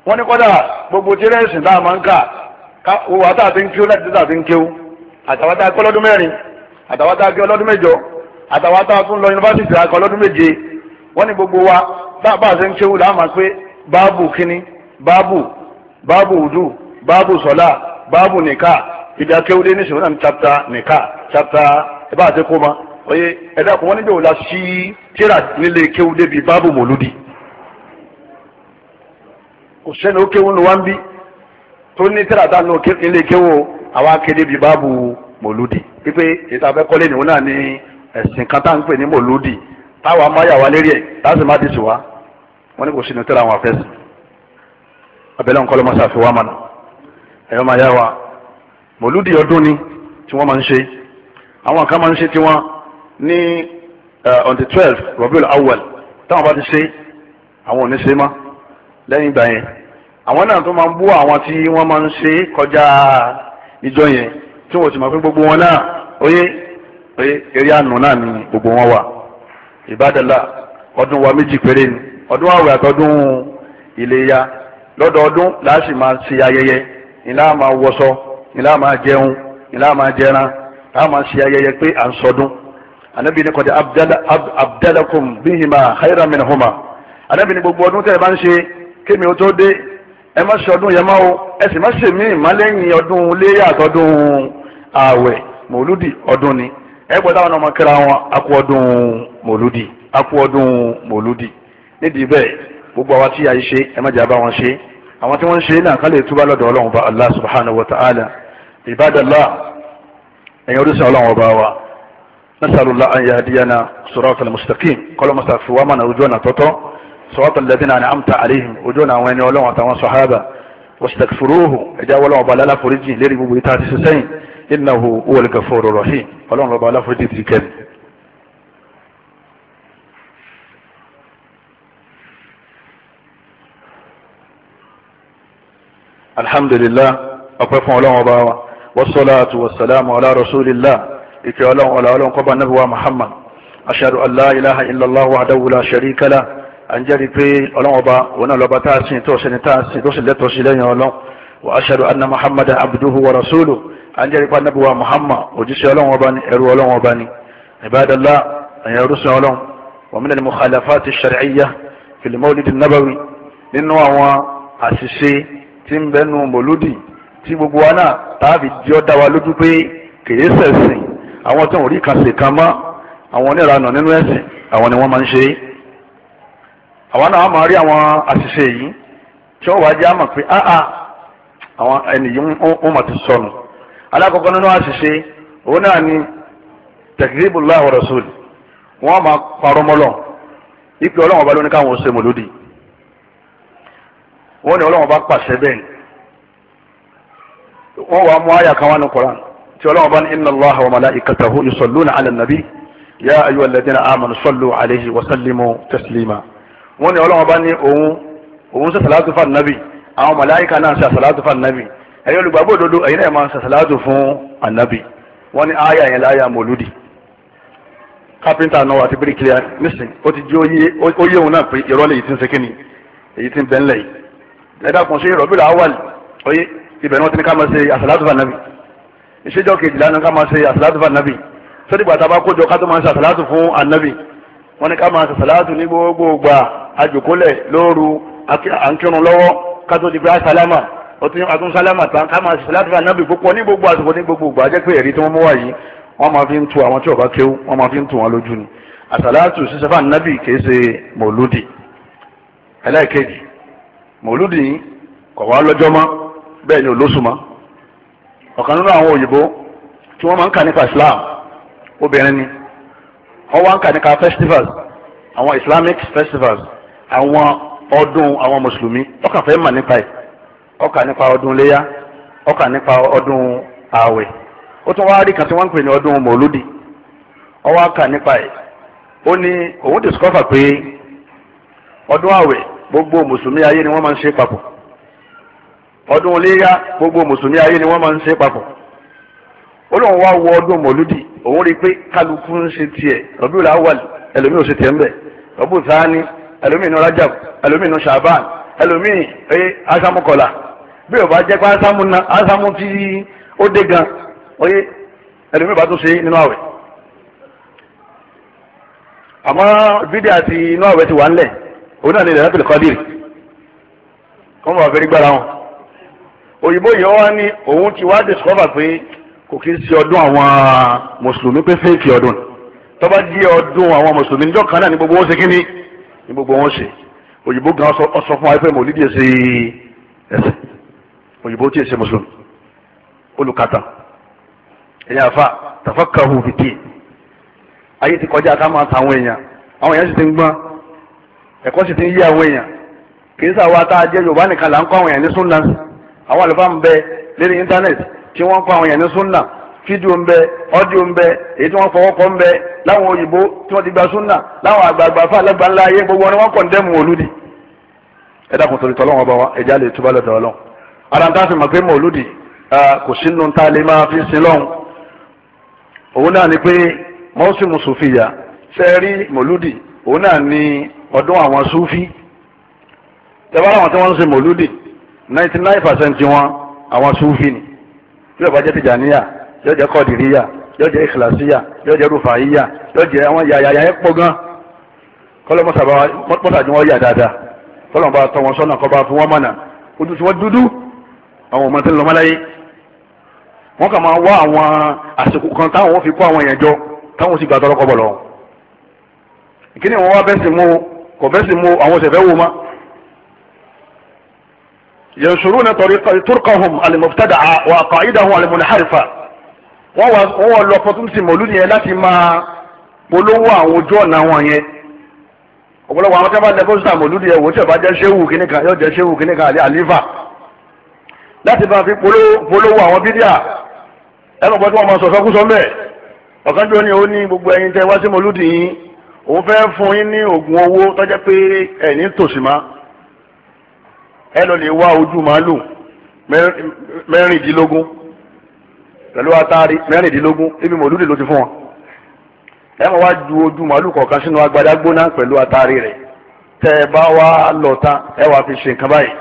wọ́n ní kọ́dà gbogbo jẹ́rẹ́sì tá a máa ń kà ká owó àtàtí ń kíw láti tàbí ń kíw àtàwátá akẹ́ ọlọ́dún mẹ́rin àtàwátá akẹ́ ọlọ́dún mẹ́jọ àtàwátá tún lọ yunifásitì akẹ́ ọlọ́dún méje wọ́n ní gbogbo wa bá a bá a ṣe ń kíw láàmà pé báàbù kínní Babu, babu wudu babu sọlá babu nìka ida ke ní ni náà ní chapter nìka chapter ẹ bá àti kó ma oye ẹ dákun wọn níbi òòlà ni tíra nílé kéwúdé bíi báàbù mòlúdi kò sẹ́ni ó kéwú ni wọ́n ń bí tó ní tíra tá nílé kéwú àwọn akéde bíi báàbù mòlúdi pípé ètò abẹ́kọ́lé nìwọ́n náà ní ẹ̀sìn kan tá à ń pè ní mòlúdi táwa máa yà wá lérí ẹ̀ láti má ti sùn wá wọn ní kò sínú tíra àwọn afẹ́sìn abẹ́lẹ́ nǹkan lọ́mọ́sá fi wá mọ́nà ẹ̀yọ́ máa yá wa mòlúdì ọdún ni tí wọ́n máa ń ṣe àwọn kan máa ń ṣe tiwọn ní on the twelve Rabiul Awwal táwọn bá ti ṣe àwọn ò ní ṣe mọ́ lẹ́yìn ìgbà yẹn àwọn náà tó máa ń bú àwọn tí wọ́n máa ń ṣe kọjá ìjọ yẹn tí wọ́n ti máa pín gbogbo wọn náà oyé oyé eré àánú náà ni gbogbo wọn wà ìbádàlá ọdún wa méjì péré ni ọdún àwẹ̀ àtọdún iléyá lọ́dọọdún láàṣì máa ṣe ayẹyẹ ìlà máa wọṣọ ìlà máa jẹun ìlà máa jẹran láà máa ṣe ayẹyẹ pé à ń sọdún anabi ni kọ́ni abdalakum bihima khayran minhuma anabi ni gbogbo ọdún tẹ́ ẹ bá ń ṣe kémi o tó dé ẹ má ṣe ọdún yẹn má o ẹ sì má ṣe míì má lẹ́yìn ọdún léyà àtọ́dún ààwẹ̀ mòlúdì ọdún ni ẹ gbọ́dọ̀ àwọn ọmọ wọn akú ọdún mòlúdì akú ọdún mòlúdì nídìí bẹ́ẹ̀ gbogbo àwa tí àyè ṣe ẹ má jà bá wọn ṣe àwọn tí wọ́n ń ṣe náà kán lè túbá lọ́dọ̀ ọlọ́run bá allah subhanahu wa ta'ala ibadallah ẹ̀yin orísun ọlọ́run ọba wa nasalula an yahdiyana surat al-mustaqim kọlọ masa fi wa mana ojú ọ̀nà tọ́tọ́ surat al-ladina an'amta alayhim ojú ọ̀nà àwọn ẹni ọlọ́run àtàwọn sahaba wastaghfiruhu ẹ̀jẹ̀ wọlọ́run ọba aláforíjì lérí gbogbo ìta àti sísẹ́yìn innahu huwal ghafurur rahim ọlọ́run ọba aláforíjì ti kẹ́ni. alhamdulillah ọpẹ́ fún Ọlọ́run ọba wa wasalaatu wasalaamu ala rasulillah ìkẹ́ Ọlọ́run ọlá Ọlọ́run kọba nabi wa muhammad ashadu an la ilaha illallah wa adahu la sharika la an jẹ́rìí pé Ọlọ́run ọba òun náà lọba táà sìn tó sìn táà sìn tó sìn lẹ́tọ̀ọ́ sí lẹ́yìn Ọlọ́run wa ashadu anna muhammadan abduhu wa rasuluhu an jẹ́rìí pé nabi wa muhammad òjíṣẹ́ Ọlọ́run ọba ni ẹrú Ọlọ́run ọba ni ibadallah ẹyẹ rúṣin Ọlọ́run wa min mukhalafati ash-shar'iyyah nabawi nínú àwọn àṣìṣe tí ń bẹnu mòlúdì tí gbogbo wa náà tààfi jẹ́ ọ́ dá wa lójú pé kìí ṣẹ̀sìn àwọn tó ń rí kàṣe kan mọ́ àwọn oníranà nínú ẹ̀sìn àwọn ni wọ́n máa ń ṣe é àwọn náà máa rí àwọn àṣìṣe yìí tí wọ́n wá jẹ́ àmọ̀ pé áà àwọn ẹni yìí wọ́n máa ti sọnù alákọ̀ọ́kọ́ nínú àṣìṣe òun náà ni takdhibullah wa rasul wọ́n máa parọ́ mọ́lọ̀ ipe ọlọ́run ọba ló ní ṣe mòlódì wọ́n ní ọlọ́wọ́n bá pàṣẹ bẹ́ẹ̀ ni wọ́n wàá mú àyà kan wá ní koran tí ọlọ́wọ́n bá ní inna Allaha wa malaikatahu yusalluna ala nabi ya ayyuhal ladina amanu sallu alayhi wa sallimu taslima wọ́n ní ọlọ́wọ́n bá ní òun òun ṣe salatu fa nabi àwọn màláìka náà ṣe salatu fa nabi ẹ̀yin olùgbàgbọ́ òdodo ẹ̀yin náà máa ṣe salatu fún anabi wọ́n ní àyà yẹn láyà mọ̀lúdì kápẹ́ntà náà àti bíríkìlíà nísìnyí ó ti jẹ́ ó òun náà pé ìrọ́lẹ̀ yìí ti ń ṣe èyí ti ń bẹ́ńlẹ̀ yìí ẹ̀dá kan ṣe rọ̀bìlà awal oyè ibẹ̀ náà ti ní ká máa ṣe àṣàlátùfà nàbì ìṣèjọ́ kejìlá ní ká máa ṣe àṣàlátùfà nàbì sọ́dí gbàtà bá kójọ ká tó máa ṣe àṣàlátù fún ànábì wọ́n ní ká máa ṣe àṣàlátù ní gbogbo gbà àjòkólẹ̀ lóru àǹkírun lọ́wọ́ ká tó di pé àṣàlámà àtún sálámà tán ká máa ṣe àṣàlátù fún ànábì púpọ̀ ní gbogbo àsìkò ní gbogbo gbà jẹ́ pé ẹ̀rí tí wọ́n mú wá yìí wọ́n máa fi ń tu àwọn tí ọba kéwú wọ́n máa fi ń tu wọn lójú ni àṣàlátù ṣiṣẹ́ fún ànábì kìí ṣe mòlúdì ẹlẹ́ẹ̀kejì mòlúdì yìí kọ̀ wá lọ́jọ́ mọ́ bẹ́ẹ̀ ni olóṣù mọ́ ọ̀kan nínú àwọn òyìnbó tí wọ́n máa ń kà nípa Islam obìnrin ni wọ́n wá ń kà nípa festivals àwọn Islamic festivals àwọn ọdún àwọn mùsùlùmí ó kàn fẹ́ mà nípa ẹ̀ ó kà nípa ọdún léyà ó kà nípa ọdún ààwẹ̀ ó tún wáá rí kan tí wọ́n ń pè ní ọdún mòlúdì ó kà nípa ẹ̀ ó ní òun discover pé ọdún ààwẹ̀ gbogbo mùsùlùmí ayé ni wọ́n máa ń ṣe papọ̀ ọdún iléyá gbogbo mùsùlùmí ayé ni wọ́n máa ń ṣe papọ̀ olóhùn wa wọ ọdún mọ̀lúdì òun rí i pé kálukú ń ṣe tiẹ̀ rọ́bì ìlà wà ẹlòmíì ò ṣe tiẹ̀ ń bẹ̀ rọ́bù sáání ẹlòmíì inú rajab ẹlòmíì inú shaban ẹlòmíì ẹ asámú kọlà bí ó bá jẹ́ pé asámú na asámú tí ó dé gan oyè ẹlòmíì bá tún ṣe nínú àwẹ̀ àmọ́ fídíò àti inú àwẹ̀ ti wà ńlẹ̀ òun náà ní ilẹ̀ lápẹ̀lẹ̀ kọ́dìrì wọ́n mọ̀ fẹ́rí gbára wọn. òyìnbó yìí wá ní òun ti wá discover pé kò kí ń ṣe ọdún àwọn mùsùlùmí pé fẹ́ẹ̀kì ọdún tó bá di ọdún àwọn mùsùlùmí níjọ́ kan náà ní gbogbo wọn ṣe kíní ní gbogbo wọn ṣe òyìnbó gan sọ fún wa pé mòlídìí ẹsẹ ẹsẹ òyìnbó tí ẹsẹ mùsùlùmí olùkàtà ẹ̀yin àfa tàfà kàhùn fìtì ayé ti kọjá ká máa ta àwọn èèyàn àwọn èèyàn sì ti ń gbọ́n ẹ̀kọ́ sì ti ń yí àwọn èèyàn kì í sàwọn ata jẹ́ yorùbá nìkan là ń kọ́ àwọn èèyàn ní sunna àwọn àlùfáà ń bẹ lérí íńtánẹ́ẹ̀tì tí wọ́n ń kọ́ àwọn èèyàn ní sunna fídíò ń bẹ ọ́díò ń bẹ èyí tí wọ́n fọwọ́ kọ́ ń bẹ láwọn òyìnbó tí wọ́n ti gba sunna láwọn àgbààgbà fún alágbà ńlá ayé gbogbo wọn ni wọ́n kọ̀ndẹ́mù olùdí ẹ dákun torí tọ́lọ́wọ́n bá wa ẹ̀já lè túbọ̀ lọ́dọ̀ ọlọ́run ara ń tá fi mọ̀ pé mọ̀lúdì kò sínú tá a lè máa fi sin lọ́hùn òun náà ni pé mọ́sùmùsùfìyà ṣe rí mọ̀lúdì òun náà ni ọdún àwọn sufi tẹ́wọ́n àwọn tí wọ́n ń ṣe mòlúdì ninety nine percent wọn àwọn sufi ni yóò bá jẹ́ tìjàníyà yóò jẹ́ kọ́dìríyà yóò jẹ́ ìkìlàsíyà yóò jẹ́ rúfàáyíyà yóò jẹ́ àwọn yàyàyà ẹ̀ pọ̀ gan kọ́lọ́ mọ́sàájú wọn yà dáadáa kọ́lọ́ bá tọ́ wọn sọ́nà kọ́ bá fún wọn mọ̀nà ojú tí wọ́n dúdú àwọn ọmọ tí ń lọ mọ́láyé wọ́n kà máa wá àwọn àsìkò kan táwọn fi kó àwọn èèyàn jọ táwọn sì gbàdọ́rọ́kọ́ bọ̀ lọ. ìkíni àwọn wá bẹ́sẹ̀ mú kọ̀mẹ́sì mu àwọn ṣẹ̀fẹ́ wo ma yansuruna turkahum alimọ̀tàdà wa àkàídàhum alimunaharifa wọ́n wà wọ́n wà lọ fọtúnṣì mọ̀lúdì yẹn láti máa polówó àwọn ojú ọ̀nà wọn yẹn ọ̀pọ̀lọpọ̀ àwọn tẹ́fà lẹ́fọ́sítà mọ̀lúdì yẹn wò tí ẹ̀ bá jẹ́ ṣéwù kìnnìkan yóò jẹ́ ṣéwù kìnnìkan àlẹ́ àlífà láti bá fi polówó àwọn bídíà ẹnu pọ̀ tí wọ́n máa sọ̀sọ́kúsọ mẹ́ẹ̀ ọ̀kánjọ́ ni ó ní gbogbo ẹ̀yin tẹ́ wá sí mọ̀lúdì yìí òun fẹ́ fún yín ní oògùn owó tọ́jẹ́ pé ẹ̀ní tòṣì má ẹ lọ lè wá ojú màálù mẹ́rìndínlógún pẹ̀lú atari mẹ́rìndínlógún ibi mòlúdì ló ti fún wọn ẹ mọ̀ wá ju ojú màálù kọ̀ọ̀kan sínú agbada gbóná pẹ̀lú atari rẹ̀ tẹ́ ẹ bá wá lọ tán ẹ wàá fi ṣe nǹkan báyìí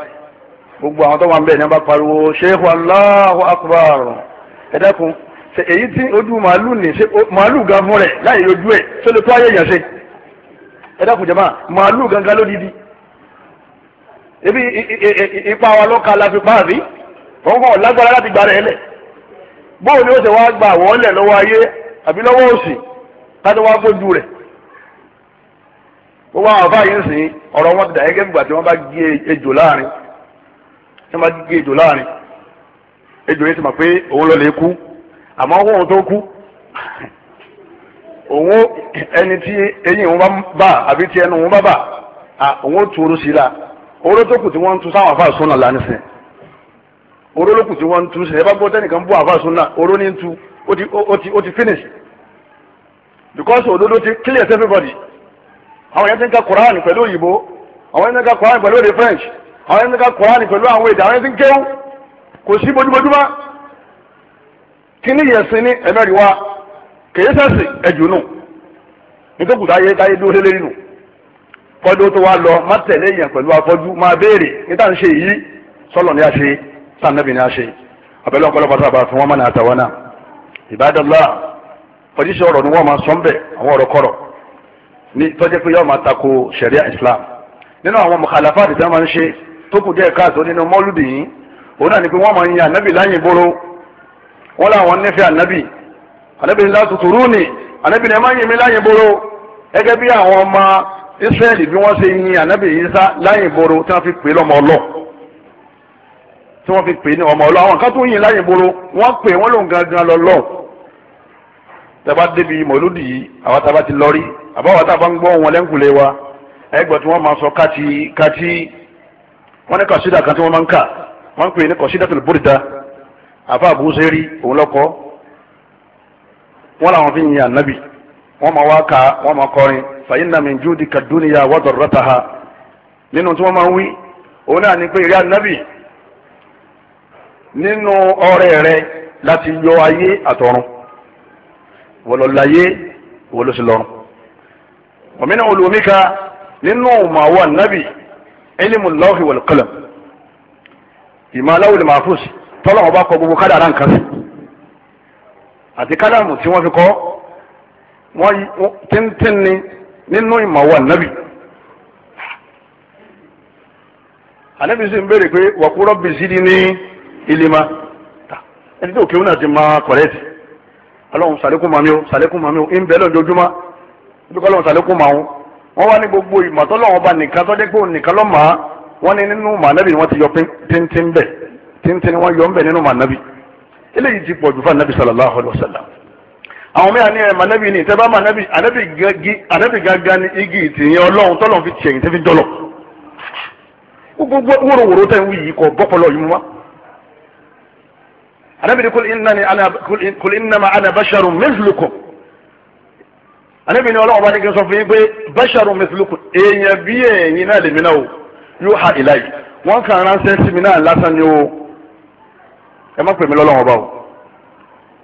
gbogbo àwọn tó wà ń bẹ̀ ní wọn bá pariwo Sheikh Allahu Akbar ẹ dẹ́kun èyí tí ojú màálù ní màálù gan fún rẹ̀ láì ojú ẹ̀ tó lè tó ayé yẹn ṣe ẹ dákun jẹ̀mọ́ màálù gangan ló didi ebi ipa wa lọ́ka la fi paari òun kàn lágbára láti gbà rẹ̀ lẹ̀ bóun ni ó ṣe wáá gba àwọn ọ̀lẹ̀ lọ́wọ́ ayé àbí lọ́wọ́ òsì káti wáá bójú rẹ̀ gbogbo àwọn àbá yìí ń sìn ọ̀rọ̀ wọn dà gẹ́gẹ́ bí wọ́n bá gé ejò láàrin wọ́n bá gé ejò láàrin ejò yìí ti mọ̀ pé òun lọ lè kú àmọ́ wọn tó kú òun ẹni tí eyín òun bá bà àbí tí ẹnu òun bá òun ó tu sí i la tó kù tí wọ́n ń tu sáwọn àfa sunna lánàá sìn oró ló kù tí wọ́n ń tu sìn ẹ bá gbọ́ tẹ́nìkan bú àfa ní tu ó ti ó ti ó ti clear everybody àwọn yẹn ti ń ka Quran pẹ̀lú òyìnbó àwọn yẹn ti ń Quran pẹ̀lú èdè French àwọn yẹn ti ń ka Quran pẹ̀lú àwọn èdè àwọn yẹn ti ń kò sí bójúbójúmá kèé sẹ́sì ẹ̀jù nù nítòkùtà ayé táyé dúró lélẹ́rì nù kọ́dọ̀ tó wá lọ má tẹ̀lé èèyàn pẹ̀lú afọ́jú máa béèrè níta ń ṣe yìí sọ́lọ̀ ní a ṣe sànàbì ní a ṣe àbẹ̀lẹ̀ ọ̀pọ̀lọpọ̀ sábà fún wọn mọ́nà àtàwọn náà ìbádọ́lá pọ̀jísì ọ̀rọ̀ ni wọ́n máa sọ ń bẹ̀ àwọn ọ̀rọ̀ kọ̀rọ̀ ní tọ́jú pé yóò máa tako sharia islam nínú àwọn mọ̀kàlàfà àti tẹ́wọ́n máa ń ṣe tó kù díẹ̀ káàtó nínú mọ́lúdì yìí òun náà ni pé wọ́n máa ń yan ànábì láyìn ìboro wọ́n láwọn nífẹ̀ẹ́ ànábì anábìrin láti tòrú ni anábìrin ẹ má yin mi láyìn boro gẹ́gẹ́ bí àwọn ọmọ Israẹli bí wọ́n ṣe yin anábìrin sá láyìn boro tí wọ́n fi pè lọ́mọ ọlọ́ tí wọ́n fi pè ní ọmọ ọlọ́ àwọn kan tó yin láyìn boro wọ́n pè wọ́n lòun gangan lọ lọ tẹ́bá débi mọ̀lúdì yìí àwa tá a bá ti lọ rí àbáwá tá ń gbọ́ wọn lẹ́ńkulé wa ẹgbẹ́ tí wọ́n máa sọ káàtì káàtì wọ́n ní kọ̀sídà kan tí wọ́n máa ń kà wọ́n ń pè ní kọ̀sídà tó lè bóríta àfa àbúṣe rí òun lọ́kọ́ wọn làwọn fi yin anabi wọn ma wá ka wọn ma kọrin fàyín nàmi júdi ka dúnìyà wàdọ̀ rata ha nínú tí wọn máa ń wí òun náà ní pé ìrẹ́ anabi nínú ọrẹ rẹ láti yọ ayé àtọ̀run wọlọláyé wọlọsílọrun òmìnira olùmíka nínú màwọ anabi ilimu lọhi wal qalam ìmọ̀ aláwòlè màfúsì tọ́lọ́mọba kọ gbogbo kádàrá nǹkan sí. àti kálámù tí wọ́n fi kọ́ wọ́n tíntín ni nínú ìmọ̀wọ́ ànábì. ànábì sì ń béèrè pé bìsídìí ní ẹni náà ti máa ọlọ́run sàlékún màmí o sàlékún màmí o ń bẹ lọ́jọ́júmọ́ ibi kọ́ ọlọ́run sàlékún màá wá ní gbogbo ìmọ̀tọ́ lọ́wọ́ bá nìkan pé nìkan lọ́ọ́ màá yọ tíntín ni yọ ń bẹ̀ nínú eléyìí ti pọ̀ jù fún anabi sallallahu alayhi wa sallam àwọn mẹ́ta ní ẹ̀rọ anabi ní ìtẹ́bá mọ́ anabi gángan ní igi ìtìyẹn ọlọ́run tọ́lọ́run fi tiẹ̀ ìtẹ́fi dọ́lọ̀ gbogbo wóróworó tẹ̀ ń wí yìí kọ́ bọ́pọ̀lọ́ yìí mú wa anabi ní kul innama ana basharun mithlukum anabi ní ọlọ́run bá ní kí n sọ fún yín pé basharun mithlukum èèyàn bí èèyàn náà lèmi náà o yóò ha ìlà yìí wọ́n kàn ránṣẹ́ sí mi náà lásán ni o. ẹ má pè mí lọ́lọ́run ọba o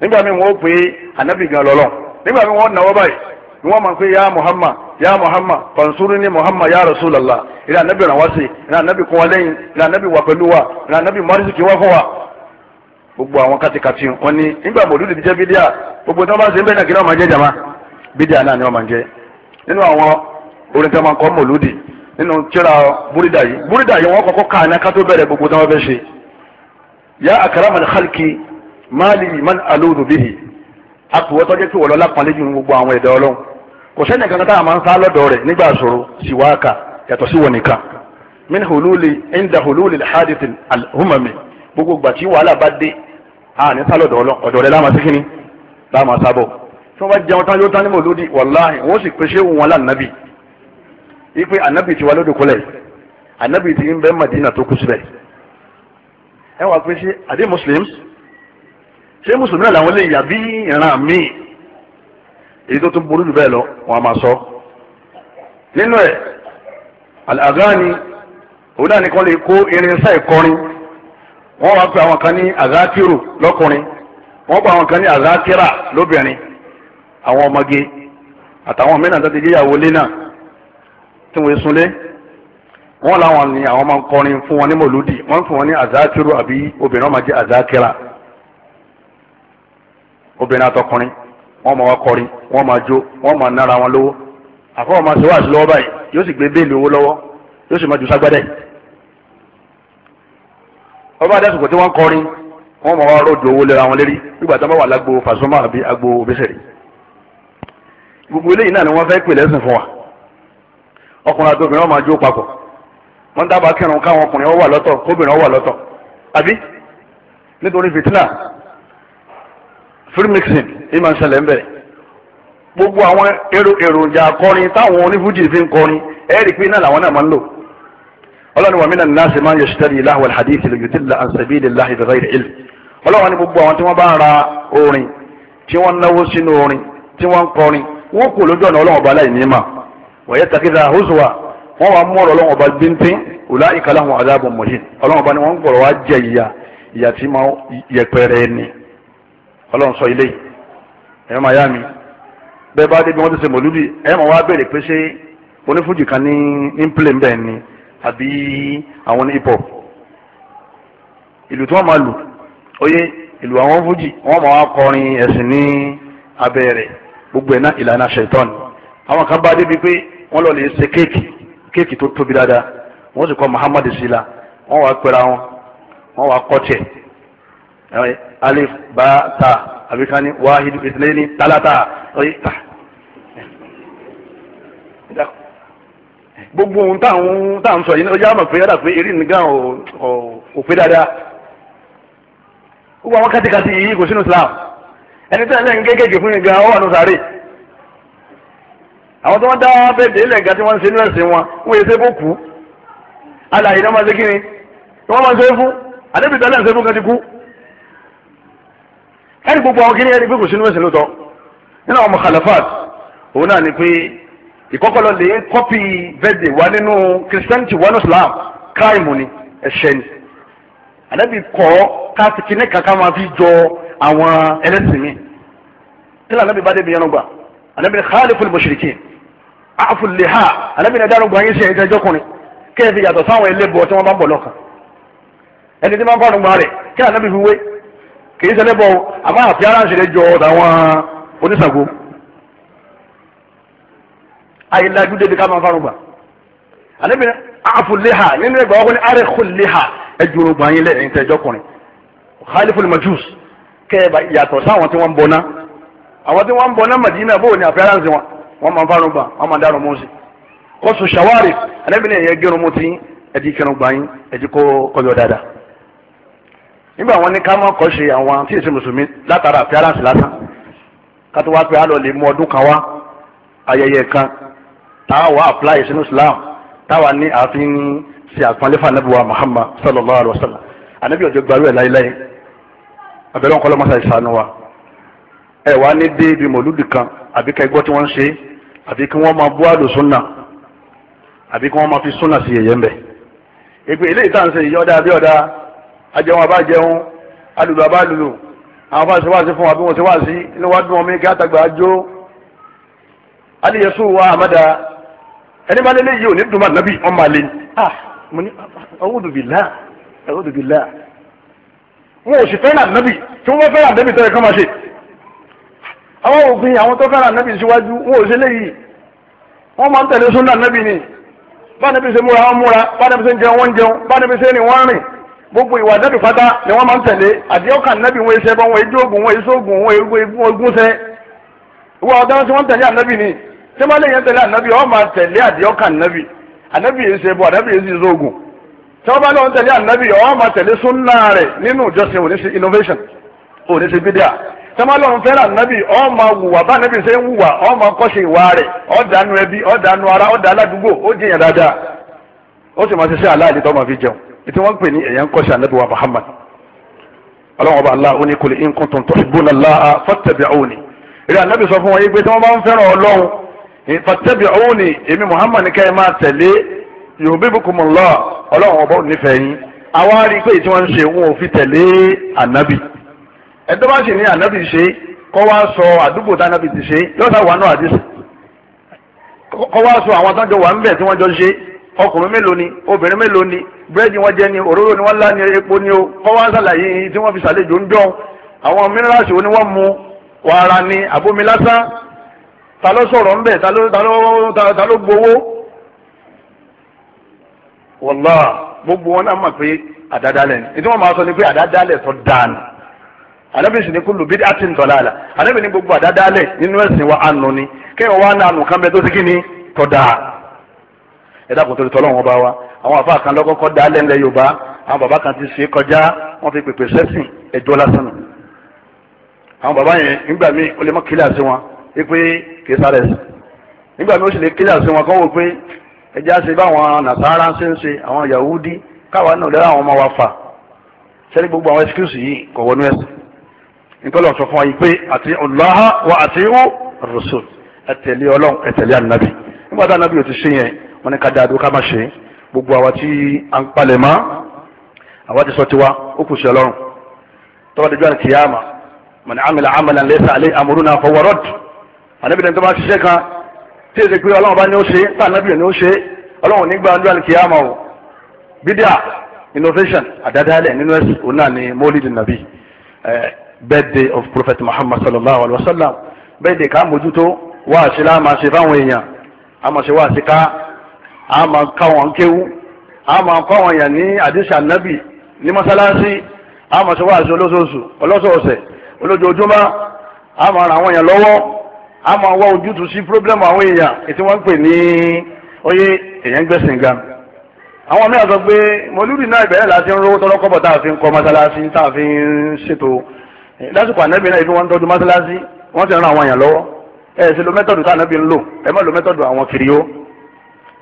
nígbà mi wọ́n pè é gan lọ́lọ́ nígbà míì wọ́n náwó báyìí ni wọ́n máa ń pè ya Muhammad ya Muhammad fansuru ni Muhammad ya Rasulallah ìrẹ ànábì ràn wá sí ìrẹ ànábì kún wa lẹ́yìn na ànábì wà pẹ̀lú wa ìrẹ ànábì mọ́rísìkì wá fún wa gbogbo àwọn kátikati wọn ni nígbà mòlúdì ti jẹ́ bídíà gbogbo tí wọ́n bá ṣe ń bẹ́ẹ̀ ọmọ jẹ́ bídíà náà ni wọ́n máa ń jẹ́ nínú àwọn nínú búrídà yìí búrídà yìí wọ́n kọ́kọ́ ká àná bẹ̀rẹ̀ gbogbo tí wọ́n fẹ́ ṣe yá àkàràmà ní xalki máàlì man alóòdù bíhi àpòwọ́tọ́ jẹ́ kí wọ́n lọ́la pàlẹ́ ju gbogbo àwọn ẹ̀dá ọlọ́run kò sẹ́ni kankan tá a máa ń sá lọ́dọ̀ rẹ̀ nígbà sọ̀rọ̀ siwaka yàtọ̀ sí wọn nìkan min hululi inda hululi alhadith alhumami gbogbo gbà tí wàhálà bá dé a ní sá lọ́dọ̀ ọlọ́run ọ̀dọ̀ rẹ̀ láma síkíní láma sábọ̀ tí wọ́n bá jẹun tán yóò tán ní mòlúdi wàláhì wọ́n sì pèsè wọn lánàbì ipe ànàbì tiwa lódò kọlẹ̀ ànàbì ti ń bẹ́ Madina tó kú síbẹ̀ ẹ wà pé ṣé àdé muslims ṣé Muslims náà làwọn lè yà bí ìran míì èyí tó tún burú jù bẹ́ẹ̀ lọ wọn a máa sọ nínú ẹ̀ àgáni òun náà nìkan lè kó irinṣẹ́ ìkọrin wọ́n wá pé àwọn kan ní àgátìrù lọ́kùnrin wọ́n pa àwọn kan ní àgátìrà lóbìnrin àwọn ọmọge àtàwọn mìíràn tó ti gbéyàwó lé náà tí wọ́n sunlé wọn làwọn ni àwọn máa ń kọrin fún wọn ní mòlúdì wọn fún wọn ní azakiru àbí obìnrin wọn máa jẹ azakira obìnrin àtọkùnrin wọn máa wá kọrin wọn máa jó wọn máa nára wọn lówó àfọwọ́n máa ṣe lọ́wọ́ ọba adásùkò tí wọ́n kọrin wọ́n máa wá ròdù owó lera wọn lérí nígbà tí wà lágbo àbí agbo gbogbo eléyìí náà ni wọ́n dábàá kírun káwọn ọkùnrin ó wà lọ́tọ̀ kóbìnrin ó wà lọ́tọ̀ àbí nítorí fìtínà free mixing ìmọ̀ ìṣẹ̀lẹ̀ ń bẹ̀rẹ̀ gbogbo àwọn èròjà akọrin táwọn onífújì fi ń kọrin ẹ̀rí pé náà làwọn náà máa ń lò ọlọ́run wa minan nasi man yashtari lahwa al-hadith liyudilla an sabilillahi bighayri ilm ọlọ́run ni gbogbo àwọn tí wọ́n bá ń ra orin tí wọ́n náwó sínú orin tí wọ́n ń kọrin wọ́n kò lójú ọ̀nà ọlọ́run ọba aláìní mà wọ́n yẹ takidha huzwa wọ́n wá mú ọ̀rọ̀ ọlọ́wọ́n ọba bíntín ọ̀là ìkàlàhùn adáàbùn mọ̀hìn ọlọ́wọ́n ọba ni wọ́n ń wá jẹ ìyà ìyà tí máa yẹpẹrẹ ẹni ọlọ́run sọ ilé ẹ̀ máa yá mi bẹ́ẹ̀ bá débi wọ́n ti ṣe mọ̀lúdì ẹ̀ máa wá bèrè pé ṣé onífújì kan ní ní plẹ̀ bẹ́ẹ̀ ni àbí àwọn ní hip hop ìlú tí wọ́n máa lù oyé ìlú àwọn fújì wọ́n máa wá kọrin ẹ̀sìn ní abẹ́rẹ́ gbogbo ẹ̀ náà ìlànà ṣẹ̀tọ́ni àwọn kan bá débi pé wọ́n lọ lè ṣe kéèkì kéèkì tó tóbi dáadáa wọ́n sì kọ́ muhammadu sila wọ́n wàá pẹ́ra wọn wọ́n wàá kọ́ tiẹ̀ alif ba ta àbíkání wahidu ìdílẹ́ni talata ọ̀yẹ́ ta. gbogbo ohun táwọn táwọn sọ yìí ní ọjà àmọ̀ pé yàrá pé eré nìkan ò pé dáadáa gbogbo àwọn kátìkátì yìí kò sínú islam ẹni tí wọ́n ń gé kéèké fún yìí gan ọwọ́ àná sáré àwọn tó wọ́n dá bẹ́ẹ̀ dé lẹ́ga tí wọ́n ń ṣe nílẹ̀ sí wọn wọ́n yẹ sẹ́fó kú alàyè náà máa ṣe kí ni tí wọ́n máa ṣe fún àdébí tẹ́lẹ̀ ń ṣe fún kan ti kú ẹni gbogbo àwọn kí ni ẹni pé kò sínú ẹ̀sìn lóòótọ́ nínú àwọn mọ̀kàlẹ́fàt òun náà ni pé ìkọ́kọ̀lọ́ lè kọ́pì bẹ́ẹ̀dẹ̀ wá nínú kìrìsìtẹ́ǹtì wọnú Islam káìmù ni ẹ̀ṣẹ̀ ni àdébí kọ́ káàkiri ní kankan máa fi jọ àwọn ẹlẹ́sìn mi tí lànà bí bá débi yẹn lọ gbà àdébí khalifu al-mushrikin àfùlẹ̀ ha alábìnrin ẹ̀dá arúgbó ayé ṣe ẹ̀jẹ̀ ẹjọ́kùnrin kí ẹ fi yàtọ̀ sáwọn ẹlẹ́bọ̀ tí wọ́n bá ń bọ̀ lọ́kàn ẹni tí wọ́n bá ń gbà rẹ̀ kí ànábì fi wé kì í ṣẹlẹ́bọ̀ àmọ́ àfi aráàṣẹ rẹ̀ jọ tàwọn oníṣàgó ayélujájú débi ká máa ń farun gbà alábìnrin àfùlẹ̀ ha nínú ẹgbàá wọn kò ní àrẹ̀kùlẹ̀ ha ẹjọ́ arúgbó ayé lẹ́yìn tẹ̀ ẹjọ́kùnrin khaliful majus kẹ́ ẹ tí wọ́n ń àwọn tí wọ́n ń bọ̀ ná Madina bóò ni àfi aráàṣẹ wọn wọ́n máa fárun gbà wọ́n máa dárun mú sí kóso ṣàwárì anábìnrin ẹ̀yẹ gẹrun mú ti ẹ̀dí kẹrun gbà yín ẹ̀dí kó kọyọ dáadáa nígbà wọn ní ká má kọ́ ṣe àwọn tí èsì mùsùlùmí látara appearance lásán kátó wá pé alọ lè mú ọdún kan wá ayẹyẹ kan táwa wà apply sínú Islam táwa ní ààfin ní ṣe àpọ́nlé fanabuwa Muhammad sallallahu alayhi wa sallam anabi ọjọ́ gbaru ẹ̀ láyéláyé abẹ́rẹ́ wọn kọ́ lọ́mọ́sá ìsànú wa ẹ̀ wá ní dé ibi mọ̀lúdì kan àbíkẹ́ gbọ́ tí wọ́n ń ṣe é àbí kí wọ́n máa bú àlùsúnà àbí kí wọ́n máa fi súnà sí yẹ̀yẹ́ mbẹ́ èpè eléyìí tá à ń ṣe yìí ọ̀dà àbí ọ̀dà ajẹun àbá jẹun alùlù àbá lùlù àwọn afáàṣẹ wá sí fún wa bí wọ́n ṣe wá sí inú wa dùn omi gátàgbà jó aliyẹsù wa àmàdà ẹni bá lélẹ́ yìí ò ní dùnmọ́ nàbí ọmọ àlè ah mo ní a'udhu billah a'udhu billah wọn ò sì fẹ́ràn nàbí tí wọ́n fẹ́ràn nàbí tó kọ́ máa ṣe àwọn òfin àwọn tó fẹ́ràn ànábì síwájú wọn ò ṣe léyìí wọ́n máa ń tẹ̀lé súnà ànábì ni bá ànábì ṣe múra wọn múra bá ànábì ṣe ń jẹun wọn jẹun bá ànábì ṣe rìn wọn rìn gbogbo ìwà ànábì pátá ni wọ́n máa ń tẹ̀lé àdéhùn kan ànábì wọn iṣẹ́ bá wọn èdè ogun wọn èso ogun wọn egun ogun sẹ́ ìwà ọ̀daràn tí wọ́n tẹ̀lé ànábì ni tí wọ́n lè yẹn tẹ̀lé ànábì wọ́n máa tẹ̀lé àdéhùn kan ànábì ànábì yìí ṣe bọ̀ ànábì yìí ṣe ogun tí wọ́n bá lọ́wọ́ tẹ̀lé ànábì wọ́n máa tẹ̀lé súnà rẹ̀ nínú ìjọsìn òní ṣe innovation òní ṣe bídíà tọ́mọ́lọ́ ń fẹ́ràn nábì ọ máa wùwà bá nábì ṣe ń wùwà ó máa ìwà rẹ ó ẹbí ó ara ó dànù aládùúgbò ó jẹyàn dáadáa ó sì máa ṣiṣẹ́ aláàdì tó máa fi jẹun ètò wọn pè ní èèyàn kọ́ṣe ànábì wa Muhammad ànábì sọ fún wọn yìí pé tí wọ́n bá ń fẹ́ràn ọlọ́run ẹ̀tọ́ bá sì ni ànábì ṣe kọ́ sọ àdúgbò tá ànábì ti ṣe lọ́sà wà náà àdìsí sọ àwọn tó ń jọ wà ń bẹ̀ tí wọ́n jọ ṣe ọkùnrin mélòó ni obìnrin mélòó ni búrẹ́dì wọn jẹ ni òróró ni wọ́n lá ni epo ni o sàlàyé tí fi sàlejò ń ni wàrà ni àbomi lásán ta gbogbo wọn náà mọ̀ pé ni sọ ni pé tó dáa anabi sì ní kúlù bídí àti ntọ́láàlà anabi ní gbogbo àdádálẹ̀ nínú ẹ̀sìn wa ànú ni kéèyàn wá ní ànú kan bẹ tó ni tọ́da ẹ dákun tó ti tọ́lọ́ wọn bá wa àwọn àfa kan lọ́kọ́kọ́ dálẹ̀ ńlẹ̀ yorùbá àwọn bàbá kan ti ṣe kọjá wọ́n fi pèpè sẹ́sìn ẹjọ́ lásán nù àwọn bàbá yẹn nígbà míì ó lè mọ kílíà sí wọn wípé kì í sáré sí nígbà míì ó sì lè kílíà wọn kọ́ wọ́n pé ẹja ṣe báwọn nàṣàrà ṣe ń ṣe àwọn yahudi káwa náà lẹ́rọ àwọn ọmọ wa fà sẹ́ni gbogbo àwọn excuse yìí kọ̀ wọnú ẹ̀sìn ntọ́lọ̀ sọ fún wa yìí pé àti ọlọ́ha wa àti ó rọ̀ṣọ̀ ẹ̀tẹ̀lé ọlọ́run ẹ̀tẹ̀lé ànábì nígbà tá ànábì ò ti ṣe yẹn wọn ni ká dáa dúró ká má ṣe gbogbo àwa tí a ń palẹ̀ mọ́ àwa ti sọ tiwa ó kù sí ọlọ́run tọ́wọ́ dẹjọ́ àti kìyàmà mọ̀ni amìlà amìlà lẹ́sẹ̀ alẹ́ àmúrú náà fọwọ́ rọ́d ànábì dẹ́n tó bá ṣiṣẹ́ kan tí èsì pé ṣe birthday of prophet muhammad sallallahu alaihi wa sallam birthday ká mójútó wáàsí la máa ṣe fáwọn èèyàn a máa ṣe wáàsí ká a máa káwọn kéwú a máa kọ́ àwọn èèyàn ní àdìsí ànábì ní mọ́sálásí a máa ṣe wáàsí olóṣooṣù ọlọ́sọ̀ọ̀sẹ̀ olójoojúmọ́ a máa ràn àwọn èèyàn lọ́wọ́ a máa wá ojútùú sí pírọ́blẹ́mù àwọn èèyàn ètí wọ́n ń pè ní oyè èèyàn gbẹ̀sìn gan. àwọn mìíràn sọ pé mọ̀lúrì náà ìbẹ̀rẹ̀ láti ń rówó tọ́lọ́kọ́bọ̀ tá a fi ń kọ́ mọ́sálásí tá a fi ń ṣètò lásìkò ànábì náà ibi wọn ń tọ́jú mọ́sálásí wọ́n ti ran àwọn èèyàn lọ́wọ́ ẹ ṣe lo mẹ́tọ̀dù tá ànábì ń lò ẹ má lo mẹ́tọ̀dù àwọn kiri ó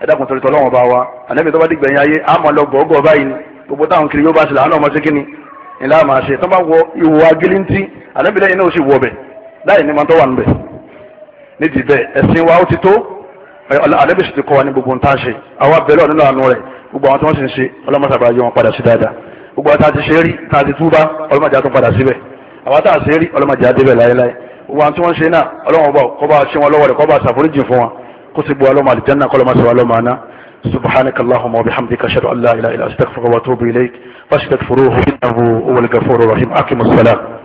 ẹ dákun torí tọ́lọ́wọ́n bá wa ànábì tó bá dìgbẹ̀yìn ayé á máa lọ gọ́gọ́ báyìí ni gbogbo táwọn kiri ó bá ṣe làánà ọmọ sí kíni ìlà máa ṣe tó bá wọ ìwò agilintí ànábì lẹ́yìn náà ó sì wọ bẹ̀ láì ní ma tó wà níbẹ̀ nídìí bẹ́ẹ̀ ẹ̀sìn wa ó ti tó ànábì sì ti kọ́ wa ní gbogbo nǹkan ṣe àwa bẹ̀rẹ̀ nínú àánú rẹ̀ gbogbo àwọn tí wọ́n sì ń ṣe ọlọ́mọ sàbàyà wọn padà sí dáadáa gbogbo àti àti ṣe rí tá a ti túbá ọlọ́mọdé àtúnpadà síbẹ̀ àwọn tá à ń ṣe rí ọlọ́mọdé adébẹ̀ láéláé gbogbo àwọn tí wọ́n ṣe náà ọlọ́wọ́n bọ̀ kọ́ bá ṣe wọn lọ́wọ́ rẹ̀ kọ́ ṣàforíjì fún wọn kó sì bu ọlọ́mọ àlìjáná kọ́ lọ́mọ sọ̀rọ̀ ọlọ́mọ àná سبحانك اللهم وبحمدك اشهد ان لا اله الا انت استغفرك واتوب اليك فاستغفروه انه هو الغفور الرحيم اقم الصلاه